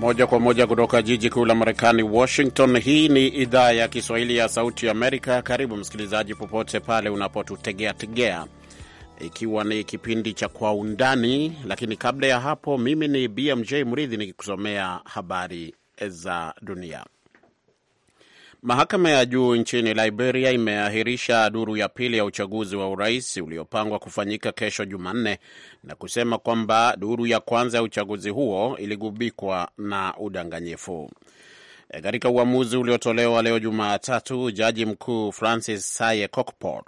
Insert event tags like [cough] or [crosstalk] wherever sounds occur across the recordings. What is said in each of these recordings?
Moja kwa moja kutoka jiji kuu la Marekani, Washington. Hii ni idhaa ya Kiswahili ya Sauti ya Amerika. Karibu msikilizaji, popote pale unapotutegeategea, ikiwa ni kipindi cha Kwa Undani. Lakini kabla ya hapo, mimi ni BMJ Mridhi nikikusomea habari za dunia. Mahakama ya juu nchini Liberia imeahirisha duru ya pili ya uchaguzi wa urais uliopangwa kufanyika kesho Jumanne na kusema kwamba duru ya kwanza ya uchaguzi huo iligubikwa na udanganyifu. E, katika uamuzi uliotolewa leo Jumatatu, jaji mkuu Francis Saye Kokpor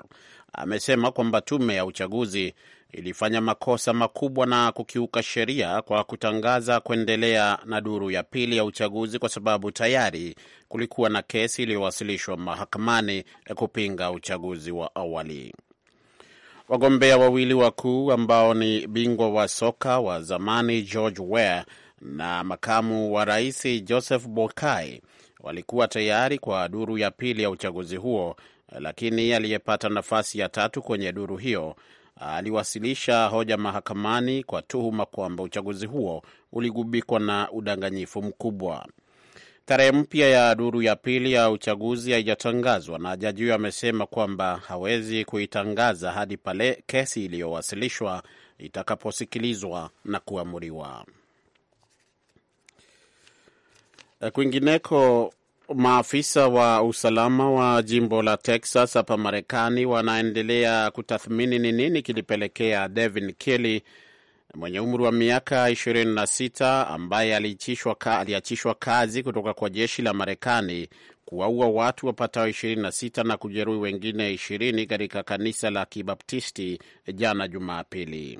amesema kwamba tume ya uchaguzi ilifanya makosa makubwa na kukiuka sheria kwa kutangaza kuendelea na duru ya pili ya uchaguzi kwa sababu tayari kulikuwa na kesi iliyowasilishwa mahakamani kupinga uchaguzi wa awali. Wagombea wawili wakuu ambao ni bingwa wa soka wa zamani George Weah na makamu wa rais Joseph Boakai walikuwa tayari kwa duru ya pili ya uchaguzi huo, lakini aliyepata nafasi ya tatu kwenye duru hiyo aliwasilisha hoja mahakamani kwa tuhuma kwamba uchaguzi huo uligubikwa na udanganyifu mkubwa. Tarehe mpya ya duru ya pili ya uchaguzi haijatangazwa na jaji huyo amesema kwamba hawezi kuitangaza hadi pale kesi iliyowasilishwa itakaposikilizwa na kuamuriwa. Kwingineko, Maafisa wa usalama wa jimbo la Texas hapa Marekani wanaendelea kutathmini ni nini kilipelekea Devin Kelly mwenye umri wa miaka 26 ambaye aliachishwa ka, kazi kutoka kwa jeshi la Marekani kuwaua watu wapatao 26 na kujeruhi wengine 20 katika kanisa la Kibaptisti jana Jumapili.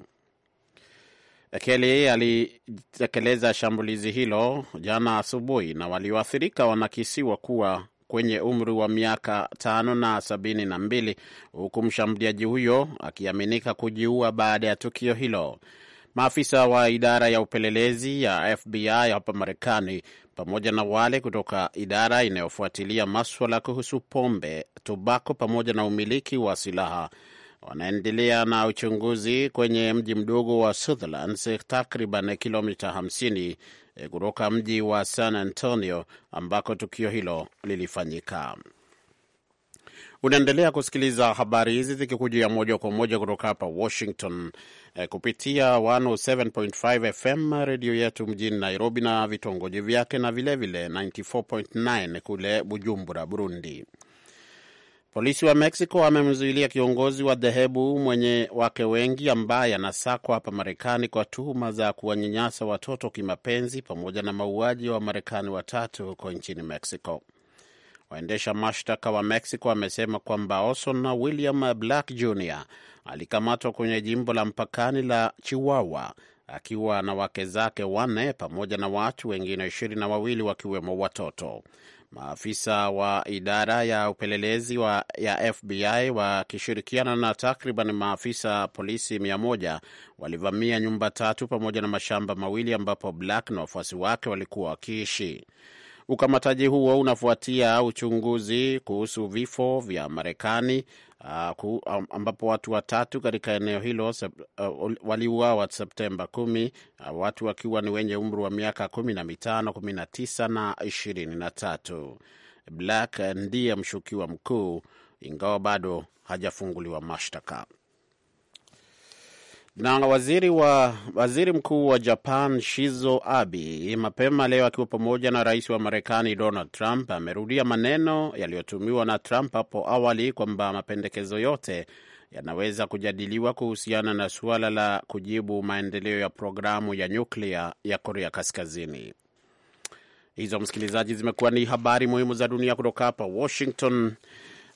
Kelly alitekeleza shambulizi hilo jana asubuhi, na walioathirika wanakisiwa kuwa kwenye umri wa miaka tano na sabini na mbili huku mshambuliaji huyo akiaminika kujiua baada ya tukio hilo. Maafisa wa idara ya upelelezi ya FBI hapa Marekani pamoja na wale kutoka idara inayofuatilia maswala kuhusu pombe, tobako pamoja na umiliki wa silaha wanaendelea na uchunguzi kwenye mji mdogo wa Sutherland, takriban kilomita 50 eh, kutoka mji wa San Antonio ambako tukio hilo lilifanyika. Unaendelea kusikiliza habari hizi zikikujia moja kwa moja kutoka hapa Washington eh, kupitia 107.5 FM redio yetu mjini Nairobi na vitongoji vyake na vilevile 94.9 kule Bujumbura, Burundi. Polisi wa Mexico wamemzuilia kiongozi wa dhehebu mwenye wake wengi ambaye anasakwa hapa Marekani kwa tuhuma za kuwanyanyasa watoto kimapenzi pamoja na mauaji wa Wamarekani watatu huko nchini Mexico. Waendesha mashtaka wa Mexico wamesema kwamba Oson na William Black Jr alikamatwa kwenye jimbo la mpakani la Chihuahua akiwa na wake zake wanne pamoja na watu wengine ishirini na wawili wakiwemo watoto. Maafisa wa idara ya upelelezi wa, ya FBI wakishirikiana na takriban maafisa polisi mia moja walivamia nyumba tatu pamoja na mashamba mawili ambapo Black na wafuasi wake walikuwa wakiishi. Ukamataji huo unafuatia uchunguzi kuhusu vifo vya Marekani uh, ambapo watu watatu katika eneo hilo sep, uh, waliuawa Septemba kumi, uh, watu wakiwa ni wenye umri wa miaka kumi na mitano, kumi na tisa na ishirini na tatu. Black ndiye mshukiwa mkuu ingawa bado hajafunguliwa mashtaka. Na waziri wa waziri mkuu wa Japan Shizo Abe mapema leo akiwa pamoja na rais wa Marekani Donald Trump amerudia maneno yaliyotumiwa na Trump hapo awali kwamba mapendekezo yote yanaweza kujadiliwa kuhusiana na suala la kujibu maendeleo ya programu ya nyuklia ya Korea Kaskazini. Hizo msikilizaji, zimekuwa ni habari muhimu za dunia kutoka hapa Washington.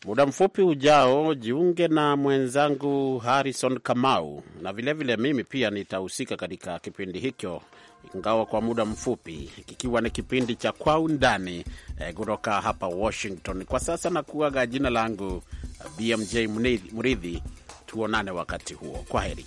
Muda mfupi ujao, jiunge na mwenzangu Harrison Kamau na vilevile vile mimi pia nitahusika katika kipindi hicho, ingawa kwa muda mfupi, kikiwa ni kipindi cha Kwa Undani eh, kutoka eh, hapa Washington. Kwa sasa nakuaga, jina langu eh, BMJ Mridhi. Tuonane wakati huo, kwa heri.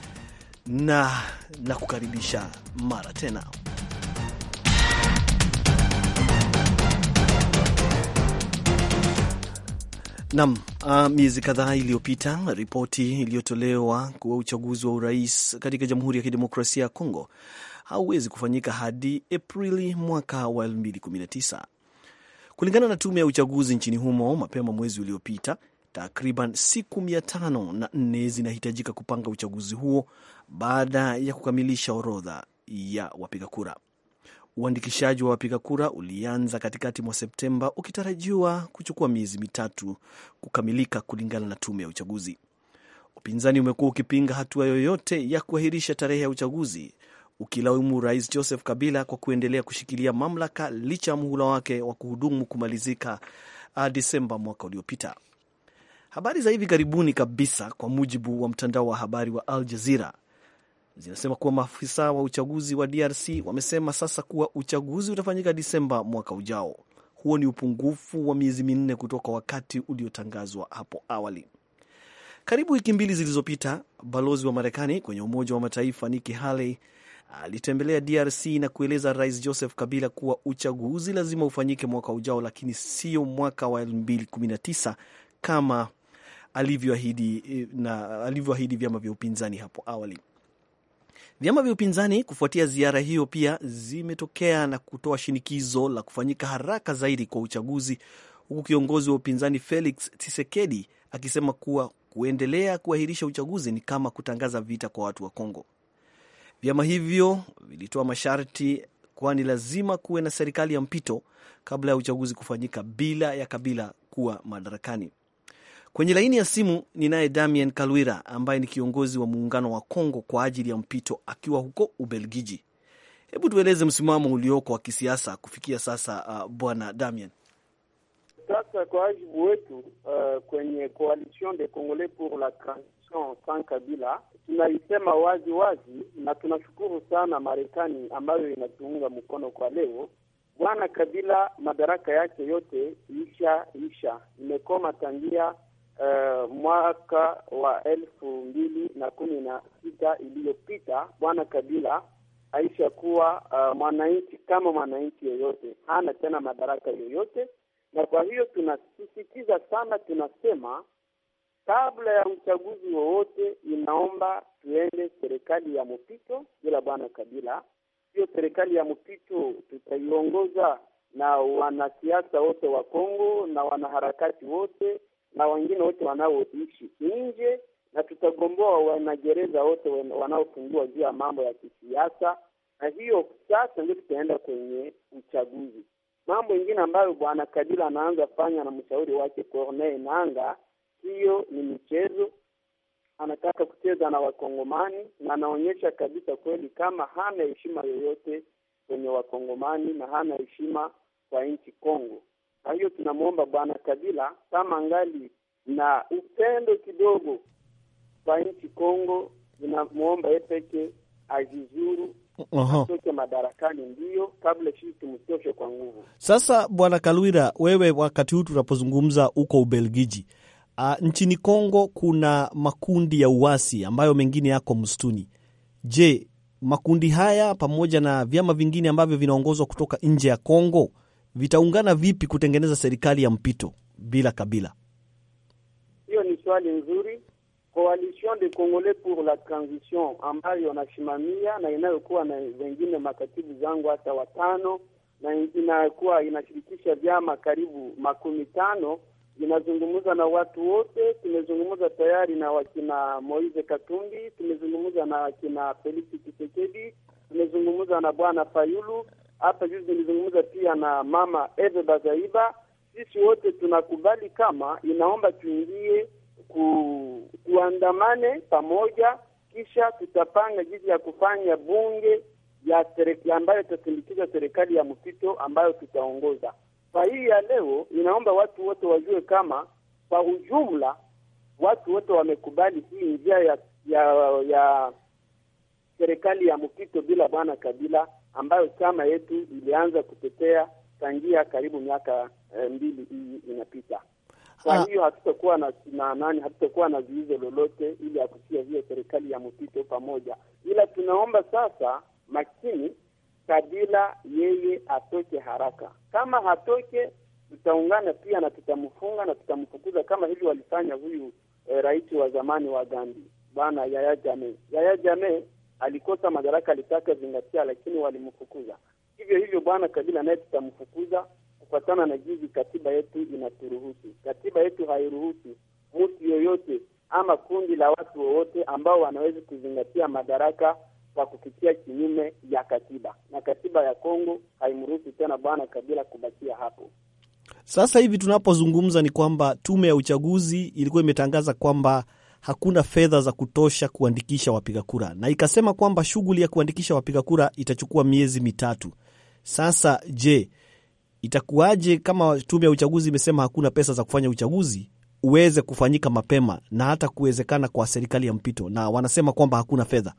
na na kukaribisha mara tena. Nam uh, miezi kadhaa iliyopita ripoti iliyotolewa kuwa uchaguzi wa urais katika Jamhuri ya Kidemokrasia ya Kongo hauwezi kufanyika hadi Aprili mwaka wa 2019 kulingana na tume ya uchaguzi nchini humo. Mapema mwezi uliopita, Takriban siku mia tano na nne zinahitajika kupanga uchaguzi huo baada ya kukamilisha orodha ya wapiga kura. Uandikishaji wa wapiga kura ulianza katikati mwa Septemba ukitarajiwa kuchukua miezi mitatu kukamilika, kulingana na tume ya uchaguzi. Upinzani umekuwa ukipinga hatua yoyote ya kuahirisha tarehe ya uchaguzi, ukilaumu Rais Joseph Kabila kwa kuendelea kushikilia mamlaka licha ya muhula wake wa kuhudumu kumalizika ah, Desemba mwaka uliopita. Habari za hivi karibuni kabisa, kwa mujibu wa mtandao wa habari wa Al Jazeera, zinasema kuwa maafisa wa uchaguzi wa DRC wamesema sasa kuwa uchaguzi utafanyika Disemba mwaka ujao. Huo ni upungufu wa miezi minne kutoka wakati uliotangazwa hapo awali. Karibu wiki mbili zilizopita, balozi wa Marekani kwenye Umoja wa Mataifa Nikki Haley alitembelea DRC na kueleza Rais Joseph Kabila kuwa uchaguzi lazima ufanyike mwaka ujao, lakini sio mwaka wa 2019 kama alivyoahidi eh, na alivyoahidi vyama vya upinzani hapo awali. Vyama vya upinzani kufuatia ziara hiyo pia zimetokea na kutoa shinikizo la kufanyika haraka zaidi kwa uchaguzi, huku kiongozi wa upinzani Felix Tshisekedi akisema kuwa kuendelea kuahirisha uchaguzi ni kama kutangaza vita kwa watu wa Kongo. Vyama hivyo vilitoa masharti, kwani lazima kuwe na serikali ya mpito kabla ya uchaguzi kufanyika bila ya Kabila kuwa madarakani. Kwenye laini ya simu ninaye Damien Kalwira ambaye ni kiongozi wa muungano wa Kongo kwa ajili ya mpito akiwa huko Ubelgiji. Hebu tueleze msimamo ulioko wa kisiasa kufikia sasa, uh, bwana Damien. Sasa kwa wajibu wetu uh, kwenye Coalition de Congolais pour la Transition sans Kabila tunaisema wazi wazi, na tunashukuru sana Marekani ambayo inatuunga mkono kwa leo. Bwana Kabila madaraka yake yote isha isha, imekoma tangia uh, mwaka wa elfu mbili na kumi na sita iliyopita, Bwana Kabila aisha kuwa uh, mwananchi kama mwananchi yoyote, hana tena madaraka yoyote. Na kwa hiyo tunasisitiza sana, tunasema kabla ya uchaguzi wowote, inaomba tuende serikali ya mpito bila Bwana Kabila. Hiyo serikali ya mpito tutaiongoza na wanasiasa wote wa Kongo na wanaharakati wote na wengine wote wanaoishi nje, na tutagomboa wanagereza wote wanaofungiwa juu ya mambo ya kisiasa, na hiyo sasa ndio tutaenda kwenye uchaguzi. Mambo ingine ambayo bwana Kabila anaanza fanya na mshauri wake Corneille nanga hiyo ni michezo. Anataka kucheza na Wakongomani na anaonyesha kabisa kweli kama hana heshima yoyote kwenye Wakongomani na hana heshima kwa nchi Kongo. Kwa hiyo tunamwomba Bwana Kabila kama ngali na upendo kidogo kwa nchi Kongo, tunamwomba yeye peke ajizuru atoke madarakani, ndiyo kabla sisi tumtoshe kwa nguvu. Sasa Bwana Kalwira, wewe wakati huu tunapozungumza huko Ubelgiji, A, nchini Kongo kuna makundi ya uasi ambayo mengine yako msituni. Je, makundi haya pamoja na vyama vingine ambavyo vinaongozwa kutoka nje ya Kongo vitaungana vipi kutengeneza serikali ya mpito bila Kabila? Hiyo ni swali nzuri. Coalition de Congolais pour la Transition ambayo anasimamia na inayokuwa na wengine makatibu zangu hata watano na inakuwa inashirikisha vyama karibu makumi tano inazungumza na watu wote. Tumezungumza tayari na wakina Moise Katumbi, tumezungumza na wakina Felix Tshisekedi, tumezungumza na bwana Fayulu hapa juzi nilizungumza pia na mama Eve Bazaiba. Sisi wote tunakubali kama inaomba tuingie ku, kuandamane pamoja, kisha tutapanga jinsi ya kufanya bunge ya serikali ambayo itasindikiza serikali ya mpito ambayo tutaongoza. Kwa hii ya leo inaomba watu wote wajue kama kwa ujumla watu wote wamekubali hii njia ya ya, ya serikali ya mpito bila bwana Kabila ambayo chama yetu ilianza kutetea tangia karibu miaka e, mbili hii inapita. Kwa ah. hiyo hatutakuwa na, na nani, hatutakuwa na zuizo lolote ili akusia hiyo serikali ya mpito pamoja, ila tunaomba sasa makini Kabila yeye atoke haraka. Kama hatoke, tutaungana pia na tutamfunga na tutamfukuza kama hivi walifanya huyu e, rais wa zamani wa Gambia bwana Yaya Jammeh. Yaya Jammeh alikosa madaraka, alitaka zingatia, lakini walimfukuza. Hivyo hivyo bwana Kabila naye tutamfukuza kufatana na jinsi katiba yetu inaturuhusu. Katiba yetu hairuhusu mtu yoyote ama kundi la watu wowote ambao wanaweza kuzingatia madaraka kwa kupitia kinyume ya katiba, na katiba ya Kongo haimruhusu tena bwana Kabila kubakia hapo. Sasa hivi tunapozungumza ni kwamba tume ya uchaguzi ilikuwa imetangaza kwamba hakuna fedha za kutosha kuandikisha wapiga kura, na ikasema kwamba shughuli ya kuandikisha wapiga kura itachukua miezi mitatu. Sasa je, itakuwaje kama tume ya uchaguzi imesema hakuna pesa za kufanya uchaguzi uweze kufanyika mapema na hata kuwezekana kwa serikali ya mpito, na wanasema kwamba hakuna fedha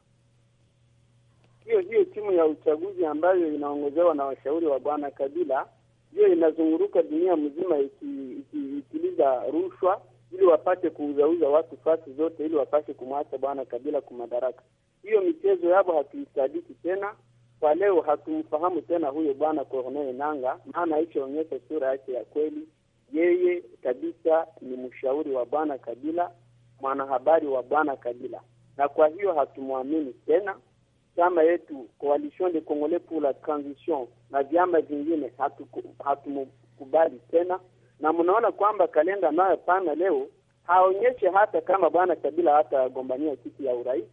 hiyo hiyo. Timu ya uchaguzi ambayo inaongozewa na washauri wa bwana Kabila hiyo inazunguruka dunia mzima ikiliza iki, iki rushwa ili wapate kuuzauza watu fasi zote, ili wapate kumwacha Bwana Kabila madaraka Hiyo michezo yabo hatuisadiki tena kwa leo, hatumfahamu tena huyo Bwana Corneille nanga maana ishaonyesha sura yake ya kweli. Yeye kabisa ni mshauri wa Bwana Kabila, mwanahabari wa Bwana Kabila, na kwa hiyo hatumwamini tena. Chama yetu Coalition de Congolais pour la Transition na vyama vingine hatumkubali hatu tena na mnaona kwamba kalenda anayopana leo haonyeshe hata kama bwana Kabila hatagombania kiti ya urais.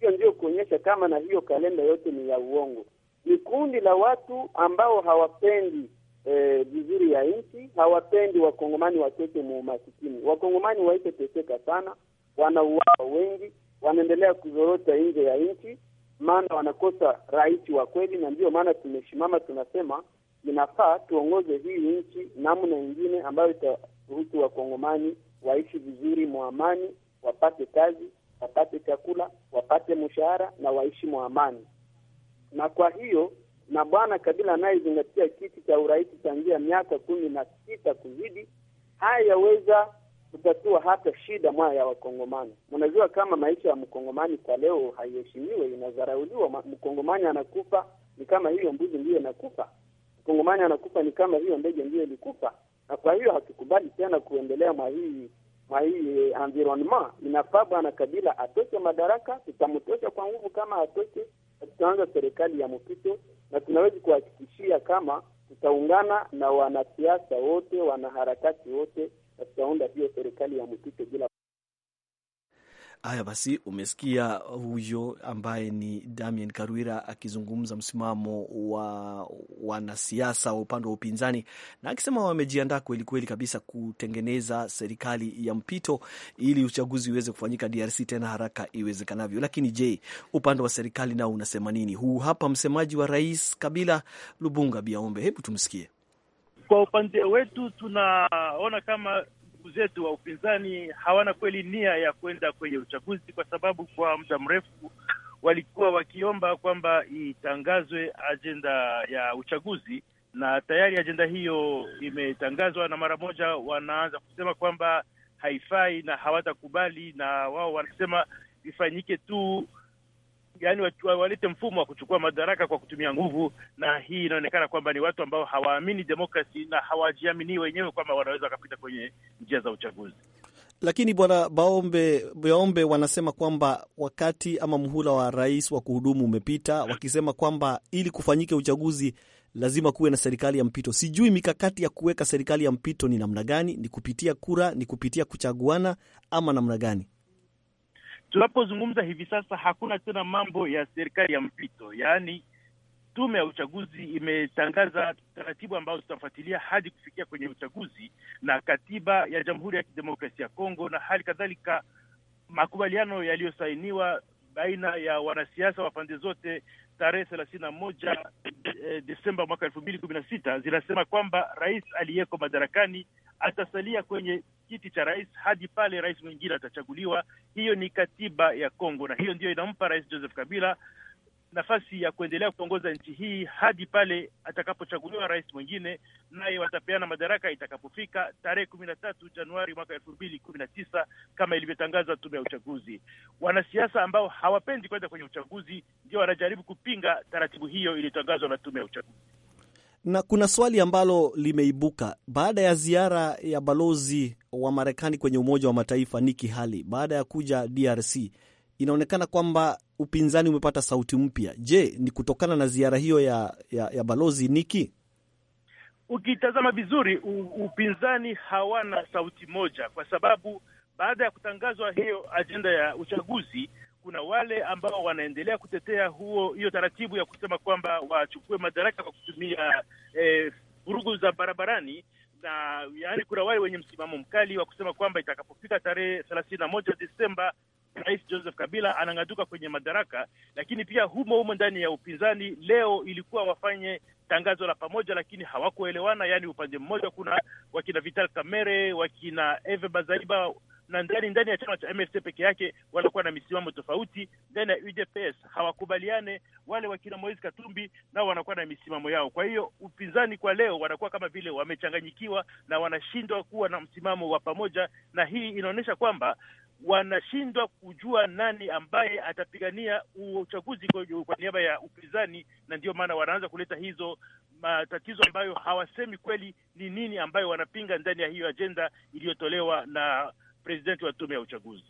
Hiyo ndio kuonyesha kama na hiyo kalenda yote ni ya uongo. Ni kundi la watu ambao hawapendi eh, vizuri eh, ya nchi, hawapendi wakongomani watoke muumasikini. Wakongomani teseka sana, wanauawa wengi, wanaendelea kuzorota nje ya nchi, maana wanakosa rais wa kweli, na ndio maana tumesimama tunasema inafaa tuongoze hii nchi namna ingine ambayo itaruhusu wakongomani waishi vizuri mwa amani, wapate kazi, wapate chakula, wapate mshahara na waishi mwa amani. Na kwa hiyo na bwana Kabila anayezingatia kiti cha urais tangia miaka kumi na sita kuzidi, hayaweza kutatua hata shida mwaya ya Wakongomani. Mnajua kama maisha ya mkongomani kwa leo haiheshimiwe, inadharauliwa. Mkongomani anakufa ni kama hiyo mbuzi ndiyo inakufa. Mkongomani anakufa ni kama hiyo ndege ndiyo ilikufa, na kwa hiyo hatukubali tena kuendelea mwa hii mwa hii eh, environment. Inafaa bwana Kabila atoke madaraka, tutamtosha kwa nguvu. Kama atoke, tutaanza serikali ya mpito, na tunaweza kuhakikishia kama tutaungana na wanasiasa wote, wanaharakati wote, na tutaunda hiyo serikali ya mpito bila Haya basi, umesikia huyo ambaye ni Damian Karwira akizungumza msimamo wa wanasiasa wa upande wa upinzani, na akisema wamejiandaa kwelikweli kabisa kutengeneza serikali ya mpito ili uchaguzi uweze kufanyika DRC tena haraka iwezekanavyo. Lakini je, upande wa serikali nao unasema nini? Huu hapa msemaji wa rais Kabila, Lubunga Biaombe. Hebu tumsikie. Kwa upande wetu tunaona kama ndugu zetu wa upinzani hawana kweli nia ya kwenda kwenye uchaguzi, kwa sababu kwa muda mrefu walikuwa wakiomba kwamba itangazwe ajenda ya uchaguzi, na tayari ajenda hiyo imetangazwa, na mara moja wanaanza kusema kwamba haifai na hawatakubali, na wao wanasema ifanyike tu yani walete mfumo wa kuchukua madaraka kwa kutumia nguvu, na hii inaonekana kwamba ni watu ambao hawaamini demokrasi na hawajiamini wenyewe kwamba wanaweza wakapita kwenye njia za uchaguzi. Lakini bwana Baombe, Baombe wanasema kwamba wakati ama mhula wa rais wa kuhudumu umepita, wakisema kwamba ili kufanyike uchaguzi lazima kuwe na serikali ya mpito. Sijui mikakati ya kuweka serikali ya mpito ni namna gani? Ni kupitia kura? Ni kupitia kuchaguana ama namna gani? tunapozungumza hivi sasa hakuna tena mambo ya serikali ya mpito, yaani tume ya uchaguzi imetangaza taratibu ambazo zitafuatilia hadi kufikia kwenye uchaguzi na katiba ya Jamhuri ya Kidemokrasia ya Kongo na hali kadhalika makubaliano yaliyosainiwa baina ya wanasiasa wa pande zote tarehe thelathini na moja eh, Desemba mwaka elfu mbili kumi na sita zinasema kwamba rais aliyeko madarakani atasalia kwenye kiti cha rais hadi pale rais mwingine atachaguliwa. Hiyo ni katiba ya Kongo, na hiyo ndiyo inampa rais Joseph Kabila nafasi ya kuendelea kuongoza nchi hii hadi pale atakapochaguliwa rais mwingine, naye watapeana madaraka itakapofika tarehe kumi na tatu Januari mwaka elfu mbili kumi na tisa kama ilivyotangaza tume ya uchaguzi. Wanasiasa ambao hawapendi kwenda kwenye uchaguzi ndio wanajaribu kupinga taratibu hiyo iliyotangazwa na tume ya uchaguzi. Na kuna swali ambalo limeibuka baada ya ziara ya balozi wa Marekani kwenye Umoja wa Mataifa Nikki Haley baada ya kuja DRC, inaonekana kwamba upinzani umepata sauti mpya. Je, ni kutokana na ziara hiyo ya, ya, ya balozi Nikki? Ukitazama vizuri, upinzani hawana sauti moja, kwa sababu baada ya kutangazwa hiyo ajenda ya uchaguzi kuna wale ambao wanaendelea kutetea huo hiyo taratibu ya kusema kwamba wachukue madaraka kwa kutumia eh, vurugu eh, za barabarani na yaani, kuna wale wenye msimamo mkali wa kusema kwamba itakapofika tarehe thelathini na moja Desemba Rais Joseph Kabila anang'atuka kwenye madaraka, lakini pia humo humo ndani ya upinzani leo ilikuwa wafanye tangazo la pamoja, lakini hawakuelewana. Yaani upande mmoja kuna wakina Vital Kamerhe, wakina Eve Bazaiba na ndani ndani ya chama cha MFC peke yake wanakuwa na misimamo tofauti. Ndani ya UDPS hawakubaliane, wale wakina Moise Katumbi nao wanakuwa na misimamo yao. Kwa hiyo upinzani kwa leo wanakuwa kama vile wamechanganyikiwa na wanashindwa kuwa na msimamo wa pamoja, na hii inaonyesha kwamba wanashindwa kujua nani ambaye atapigania uchaguzi kwa niaba ya upinzani, na ndio maana wanaanza kuleta hizo matatizo ambayo hawasemi kweli ni nini ambayo wanapinga ndani ya hiyo ajenda iliyotolewa na presidenti wa tume ya uchaguzi.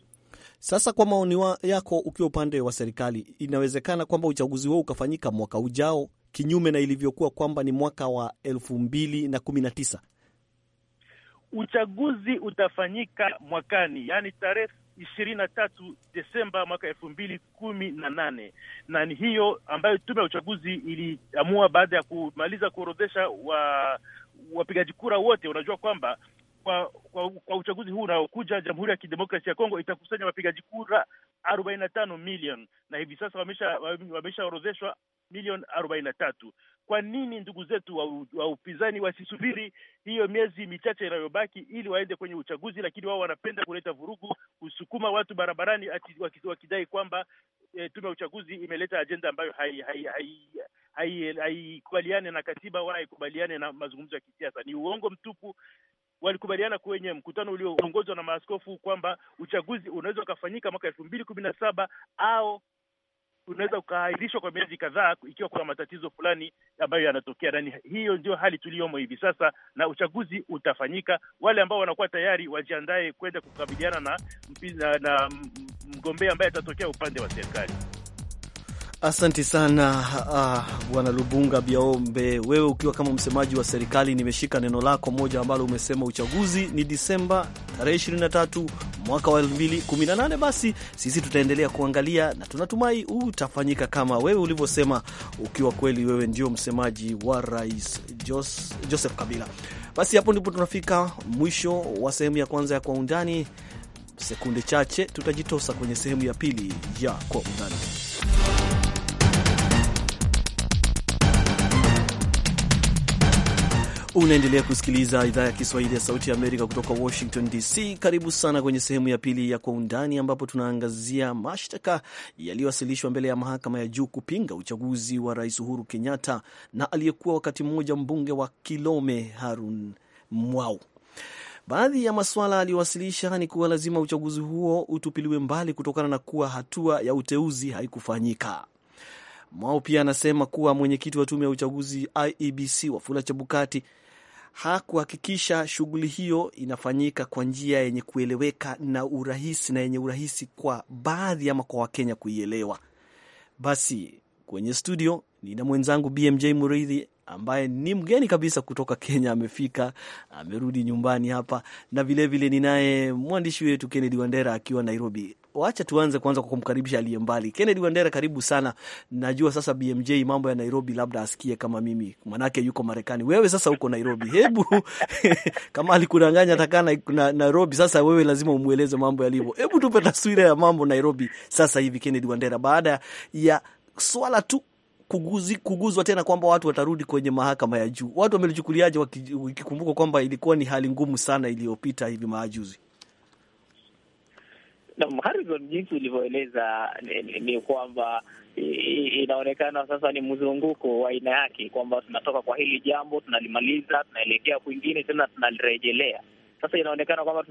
Sasa kwa maoni yako, ukiwa upande wa serikali, inawezekana kwamba uchaguzi huo ukafanyika mwaka ujao kinyume na ilivyokuwa kwamba ni mwaka wa elfu mbili na kumi na tisa? Uchaguzi utafanyika mwakani, yaani tarehe ishirini na tatu Desemba mwaka elfu mbili kumi na nane na ni hiyo ambayo tume ya uchaguzi iliamua baada ya kumaliza kuorodhesha wa wapigaji kura wote. Unajua kwamba kwa, kwa, kwa uchaguzi huu unaokuja, Jamhuri ya Kidemokrasia ya Kongo itakusanya wapigaji kura arobaini na tano milioni na hivi sasa wameshaorozeshwa wamesha milioni arobaini na tatu. Kwa nini ndugu zetu wa, wa upinzani wasisubiri hiyo miezi michache inayobaki ili waende kwenye uchaguzi? Lakini wao wanapenda kuleta vurugu, kusukuma watu barabarani wakidai kwamba e, tume ya uchaguzi imeleta ajenda ambayo haikubaliane hai, hai, hai, hai na katiba wala haikubaliane na mazungumzo ya kisiasa. Ni uongo mtupu walikubaliana kwenye mkutano ulioongozwa na maaskofu kwamba uchaguzi unaweza ukafanyika mwaka elfu mbili kumi na saba au unaweza ukaahirishwa kwa miezi kadhaa ikiwa kuna matatizo fulani ambayo yanatokea, na hiyo ndio hali tuliyomo hivi sasa, na uchaguzi utafanyika. Wale ambao wanakuwa tayari wajiandae kwenda kukabiliana na, na, na mgombea ambaye atatokea upande wa serikali. Asante sana ah, bwana Lubunga Biaombe, wewe ukiwa kama msemaji wa serikali, nimeshika neno lako moja ambalo umesema uchaguzi ni Disemba tarehe 23 mwaka wa 2018. Basi sisi tutaendelea kuangalia na tunatumai utafanyika kama wewe ulivyosema, ukiwa kweli wewe ndio msemaji wa Rais Joseph Kabila. Basi hapo ndipo tunafika mwisho wa sehemu ya kwanza ya Kwa Undani. Sekunde chache tutajitosa kwenye sehemu ya pili ya Kwa Undani. Unaendelea kusikiliza idhaa ya Kiswahili ya Sauti ya Amerika kutoka Washington DC. Karibu sana kwenye sehemu ya pili ya Kwa Undani, ambapo tunaangazia mashtaka yaliyowasilishwa mbele ya mahakama ya juu kupinga uchaguzi wa Rais Uhuru Kenyatta na aliyekuwa wakati mmoja mbunge wa Kilome Harun Mwau. Baadhi ya maswala aliyowasilisha ni kuwa lazima uchaguzi huo utupiliwe mbali kutokana na kuwa hatua ya uteuzi haikufanyika. Mwao pia anasema kuwa mwenyekiti wa tume ya uchaguzi IEBC Wafula Chebukati hakuhakikisha shughuli hiyo inafanyika kwa njia yenye kueleweka na urahisi na yenye urahisi kwa baadhi ama kwa Wakenya kuielewa. Basi kwenye studio nina mwenzangu BMJ Muridhi ambaye ni mgeni kabisa kutoka Kenya. Amefika, amerudi nyumbani hapa, na vilevile ninaye mwandishi wetu Kennedy Wandera akiwa Nairobi. Wacha tuanze kwanza kwa kumkaribisha aliye mbali. Kennedy Wandera, karibu sana. Najua sasa BMJ mambo ya Nairobi labda asikie kama mimi, manake yuko Marekani, wewe sasa uko Nairobi. [laughs] Hebu [laughs] kama alikudanganya takana na Nairobi, sasa wewe lazima umweleze mambo yalivyo. Hebu tupe taswira ya mambo Nairobi sasa hivi, Kennedy Wandera, baada ya swala tu kuguzi, kuguzwa tena kwamba watu watarudi kwenye mahakama ya juu. Watu wamelichukuliaje wakikumbuka kwamba ilikuwa ni hali ngumu sana iliyopita hivi majuzi? Naam, Harrison, jinsi ulivyoeleza ni, ni, ni kwamba inaonekana sasa ni mzunguko wa aina yake, kwamba tunatoka kwa hili jambo tunalimaliza, tunaelekea kwingine tena tunalirejelea. Sasa inaonekana kwamba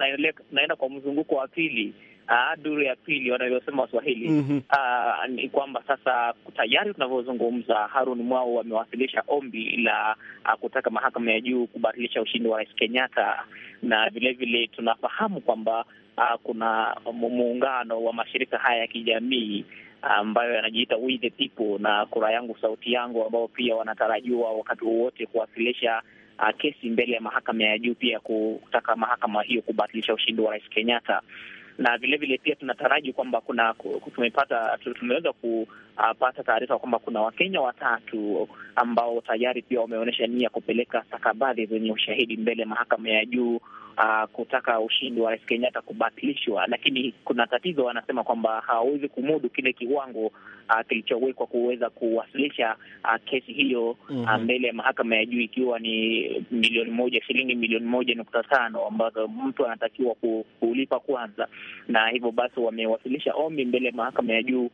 tunaenda kwa mzunguko wa pili uh, duru ya pili wanavyosema Waswahili mm -hmm. Uh, ni kwamba sasa tayari tunavyozungumza, Harun Mwau wamewasilisha ombi la uh, kutaka mahakama ya juu kubatilisha ushindi wa Rais Kenyatta, na vilevile tunafahamu kwamba uh, kuna muungano wa mashirika haya ya kijamii ambayo yanajiita We the People na Kura Yangu Sauti Yangu, ambao pia wanatarajiwa wakati wowote kuwasilisha uh, kesi mbele ya mahakama ya juu pia kutaka mahakama hiyo kubatilisha ushindi wa Rais Kenyatta na vilevile pia tunataraji kwamba kuna tumepata tumeweza kupata taarifa kwamba kuna Wakenya watatu ambao tayari pia wameonyesha nia kupeleka stakabadhi zenye ushahidi mbele mahakama ya juu uh, kutaka ushindi wa Rais Kenyatta kubatilishwa, lakini kuna tatizo, wanasema kwamba hawawezi kumudu kile kiwango uh, kilichowekwa kuweza kuwasilisha uh, kesi hiyo mm -hmm. mbele ya mahakama ya juu ikiwa ni milioni moja shilingi milioni moja nukta tano ambazo mtu anatakiwa kulipa kwanza, na hivyo basi wamewasilisha ombi mbele ya mahakama ya juu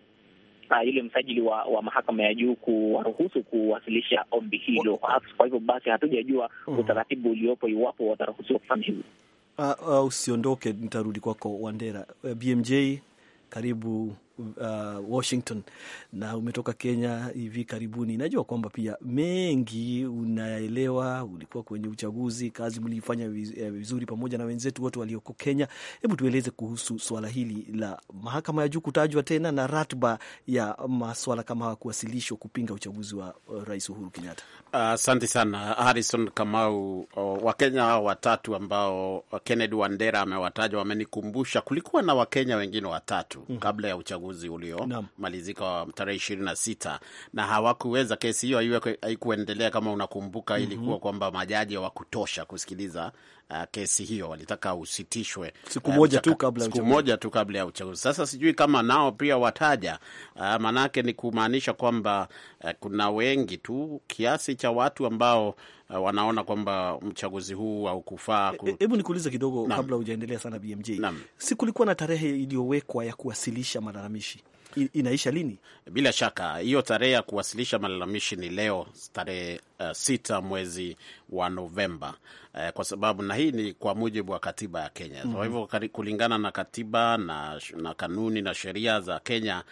sasa yule msajili wa, wa mahakama ya juu kuwaruhusu kuwasilisha ombi hilo. Kwa hivyo basi hatujajua uh mm. -huh. utaratibu uliopo iwapo wataruhusiwa kufanya hivyo. Uh, uh, usiondoke, nitarudi kwako Wandera. Uh, eh, BMJ karibu uh, Washington na umetoka Kenya hivi karibuni, najua kwamba pia mengi unaelewa, ulikuwa kwenye uchaguzi, kazi mliifanya eh, vizuri pamoja na wenzetu wote walioko Kenya. Hebu tueleze kuhusu swala hili la mahakama ya juu kutajwa tena na ratiba ya maswala kama haya kuwasilishwa kupinga uchaguzi wa uh, Rais Uhuru Kenyatta. Asante uh, sana Harrison Kamau. Wakenya hao watatu ambao Kennedy Wandera amewataja wamenikumbusha kulikuwa na Wakenya wengine watatu mm. kabla ya uchaguzi uchaguzi uliomalizika tarehe ishirini na sita na hawakuweza kesi hiyo haikuendelea kama unakumbuka, mm -hmm. Ilikuwa mhm. kwamba majaji hawakutosha kusikiliza uh, kesi hiyo walitaka usitishwe siku uh, moja tu kabla siku moja tu kabla ya uchaguzi. Sasa sijui kama nao pia wataja uh, manake ni kumaanisha kwamba uh, kuna wengi tu kiasi cha watu ambao uh, wanaona kwamba mchaguzi huu haukufaa. E, hebu nikuulize kidogo Nam. kabla hujaendelea sana BMJ, si kulikuwa na tarehe iliyowekwa ya kuwasilisha malalamishi inaisha lini? Bila shaka hiyo tarehe ya kuwasilisha malalamishi ni leo tarehe uh, sita mwezi wa Novemba uh, kwa sababu na hii ni kwa mujibu wa katiba ya Kenya. Kwa mhm. hivyo mm -hmm. kulingana na katiba na, na kanuni na sheria za Kenya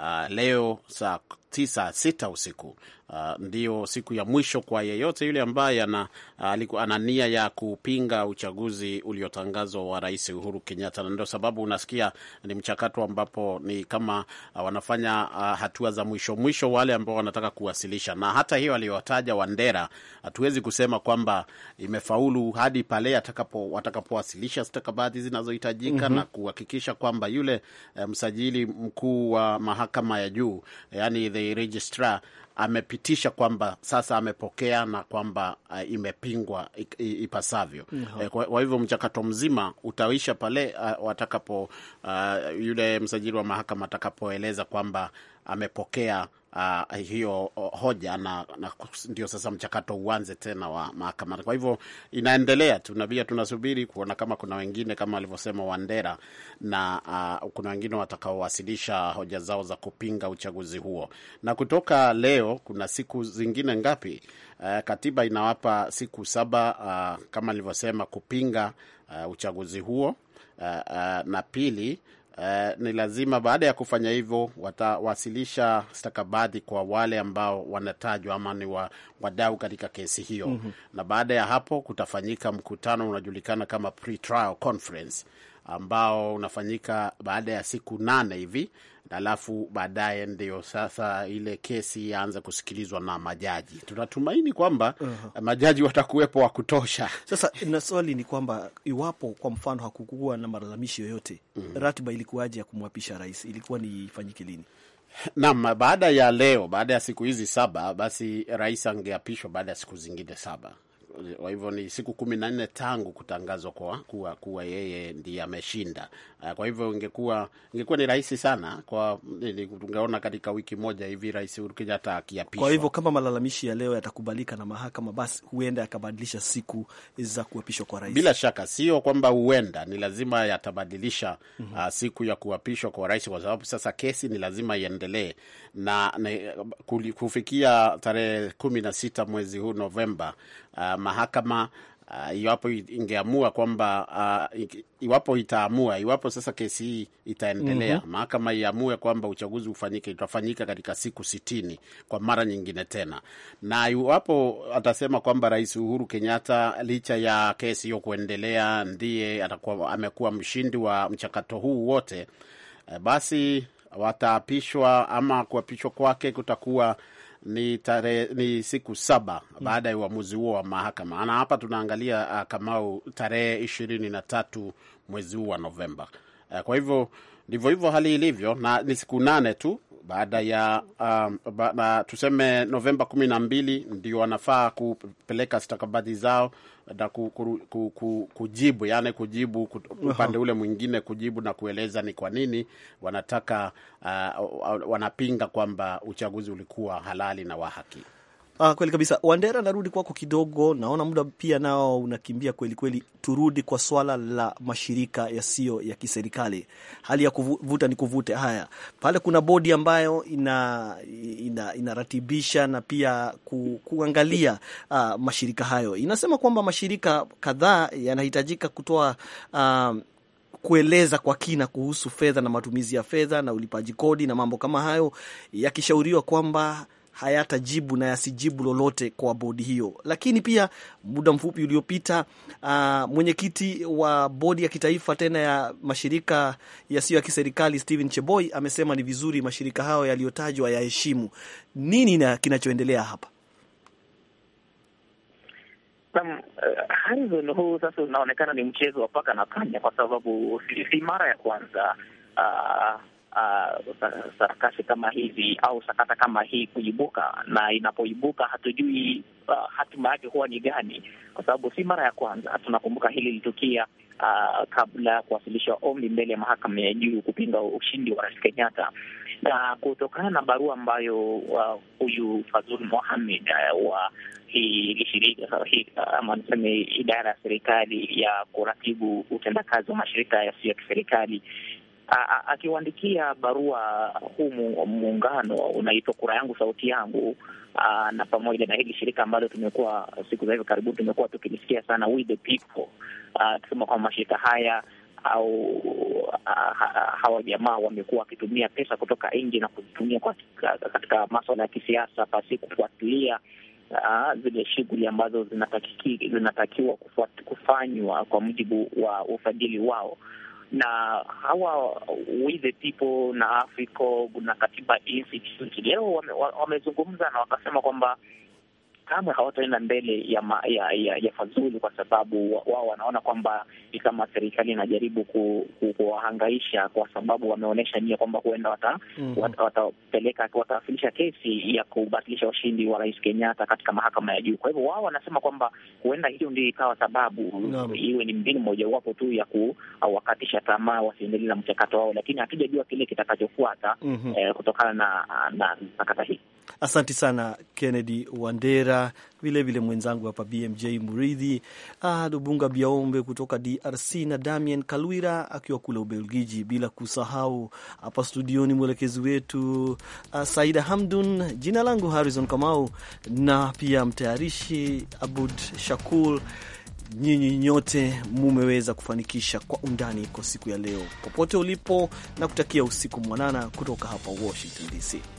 uh, leo saa tisa sita usiku uh, ndio siku ya mwisho kwa yeyote yule ambaye ana, ah, ana nia ya kupinga uchaguzi uliotangazwa wa Rais Uhuru Kenyatta, na ndio sababu unasikia ni mchakato ambapo ni kama uh, wanafanya uh, hatua za mwisho mwisho wale ambao wanataka kuwasilisha. Na hata hiyo aliyowataja Wandera, hatuwezi kusema kwamba imefaulu hadi pale atakapo watakapowasilisha stakabadhi zinazohitajika mm -hmm. na kuhakikisha kwamba yule uh, msajili mkuu wa mahakama ya juu yani the tayari registrar amepitisha kwamba sasa amepokea na kwamba uh, imepingwa ipasavyo. mm -hmm. kwa, kwa hivyo mchakato mzima utaisha pale uh, watakapo uh, yule msajili wa mahakama atakapoeleza kwamba amepokea uh, hiyo uh, hoja na, na ndio sasa mchakato uanze tena wa mahakamani. Kwa hivyo inaendelea tunabia tunasubiri kuona kama kuna wengine kama alivyosema Wandera na uh, kuna wengine watakaowasilisha hoja zao za kupinga uchaguzi huo. Na kutoka leo kuna siku zingine ngapi? Uh, katiba inawapa siku saba uh, kama alivyosema kupinga uh, uchaguzi huo uh, uh, na pili eh, ni lazima baada ya kufanya hivyo watawasilisha stakabadhi kwa wale ambao wanatajwa ama ni wa, wadau katika kesi hiyo mm -hmm. Na baada ya hapo kutafanyika mkutano unajulikana kama pre-trial conference ambao unafanyika baada ya siku nane hivi, alafu baadaye ndio sasa ile kesi yaanza kusikilizwa na majaji. Tunatumaini kwamba uh -huh. majaji watakuwepo wa kutosha. Sasa na swali ni kwamba iwapo kwa mfano hakukuwa na malalamishi yoyote mm -hmm. ratiba ilikuwaje ya kumwapisha rais, ilikuwa ni ifanyike lini? Naam, baada ya leo, baada ya siku hizi saba, basi rais angeapishwa baada ya siku zingine saba. Kwa hivyo ni siku kumi na nne tangu kutangazwa kwa kuwa, kuwa yeye ndiye ameshinda. Ah, kwa hivyo ingekuwa ingekuwa ni rahisi sana kwa tungeona katika wiki moja hivi Rais Uhuru Kenyatta akiapishwa. Kwa hivyo kama malalamishi ya leo yatakubalika na mahakama, basi huenda yakabadilisha siku za kuapishwa kwa rais. Bila shaka, sio kwamba huenda, ni lazima yatabadilisha mm -hmm. siku ya kuapishwa kwa rais, kwa sababu sasa kesi ni lazima iendelee na, na kufikia tarehe kumi na sita mwezi huu Novemba uh, mahakama uh, iwapo ingeamua kwamba uh, iwapo itaamua, iwapo sasa kesi hii itaendelea, mm -hmm. mahakama iamue kwamba uchaguzi ufanyike, itafanyika katika siku sitini kwa mara nyingine tena, na iwapo atasema kwamba Rais Uhuru Kenyatta licha ya kesi hiyo kuendelea ndiye atakuwa amekuwa mshindi wa mchakato huu wote, eh, basi wataapishwa ama kuapishwa kwake kutakuwa ni, tare, ni siku saba baada ya uamuzi huo wa mahakama. Na hapa tunaangalia uh, Kamau, tarehe ishirini na tatu mwezi huu wa Novemba. Uh, kwa hivyo ndivyo hivyo hali ilivyo, na ni siku nane tu baada ya uh, ba, tuseme Novemba kumi na mbili ndio wanafaa kupeleka stakabadhi zao na ku, ku, ku, ku, kujibu yani kujibu upande ule mwingine kujibu na kueleza ni kwa nini wanataka uh, wanapinga kwamba uchaguzi ulikuwa halali na wa haki. Ah, kweli kabisa Wandera, narudi kwako kidogo, naona muda pia nao unakimbia kweli kweli. Turudi kwa swala la mashirika yasiyo ya kiserikali, hali ya kuvuta ni kuvute. Haya, pale kuna bodi ambayo ina, ina, inaratibisha na pia ku, kuangalia uh, mashirika hayo. Inasema kwamba mashirika kadhaa yanahitajika kutoa uh, kueleza kwa kina kuhusu fedha na matumizi ya fedha na ulipaji kodi na mambo kama hayo, yakishauriwa kwamba hayatajibu na yasijibu lolote kwa bodi hiyo. Lakini pia muda mfupi uliopita, uh, mwenyekiti wa bodi ya kitaifa tena ya mashirika yasiyo ya kiserikali Stephen Cheboy amesema ni vizuri mashirika hayo yaliyotajwa yaheshimu. Nini na kinachoendelea hapa? Naam, uh, huu sasa unaonekana ni mchezo wa paka na panya, kwa sababu si mara ya kwanza uh, uh, sarakasi kama hizi au sakata kama hii kuibuka, na inapoibuka hatujui uh, hatima yake huwa ni gani, kwa sababu si mara ya kwanza. Tunakumbuka hili lilitukia uh, kabla ya kuwasilisha ombi mbele ya mahakama ya juu kupinga ushindi wa Rais Kenyatta, na kutokana na barua ambayo uh, huyu Fazul Mohamed uh, wa hii shirika uh, ama niseme idara ya serikali ya kuratibu utendakazi wa mashirika yasiyo ya kiserikali akiwaandikia barua huu muungano unaitwa Kura Yangu Sauti Yangu. na pamoja na hili shirika ambalo tumekuwa siku za hivi karibuni tumekuwa tukilisikia sana We the People, tukisema kwamba mashirika haya au hawa jamaa wamekuwa wakitumia pesa kutoka nje na kuzitumia katika maswala ya kisiasa pasi kufuatilia zile shughuli ambazo zinatakiwa kufanywa kwa mujibu wa ufadhili wao na hawa We the People na Africa na Katiba Institute leo wamezungumza wame na wakasema kwamba kamwe hawataenda mbele ya, ma, ya, ya, ya fadhuli, kwa sababu wao wanaona kwamba ni kama serikali inajaribu kuwahangaisha ku, kwa sababu wameonyesha nia kwamba huenda mhm. watapeleka mm -hmm. watawasilisha kesi ya kubatilisha ushindi wa Rais Kenyatta katika mahakama ya juu. Kwa hivyo wao wanasema kwamba huenda hiyo ndio ikawa sababu no. iwe ni mbinu mojawapo tu ya kuwakatisha tamaa wasiendelee na mchakato wao, lakini hatujajua kile kitakachofuata mm -hmm. eh, kutokana na sakata hii. asanti sana Kennedy Wandera. Wandera, vilevile mwenzangu hapa BMJ Muridhi, ah, Lubunga Biaombe kutoka DRC na Damien Kalwira akiwa kule Ubelgiji, bila kusahau hapa studioni mwelekezi wetu ah, Saida Hamdun. Jina langu Harrison Kamau na pia mtayarishi Abud shakul Nyinyi nyote mumeweza kufanikisha kwa undani kwa siku ya leo, popote ulipo, na kutakia usiku mwanana kutoka hapa Washington DC.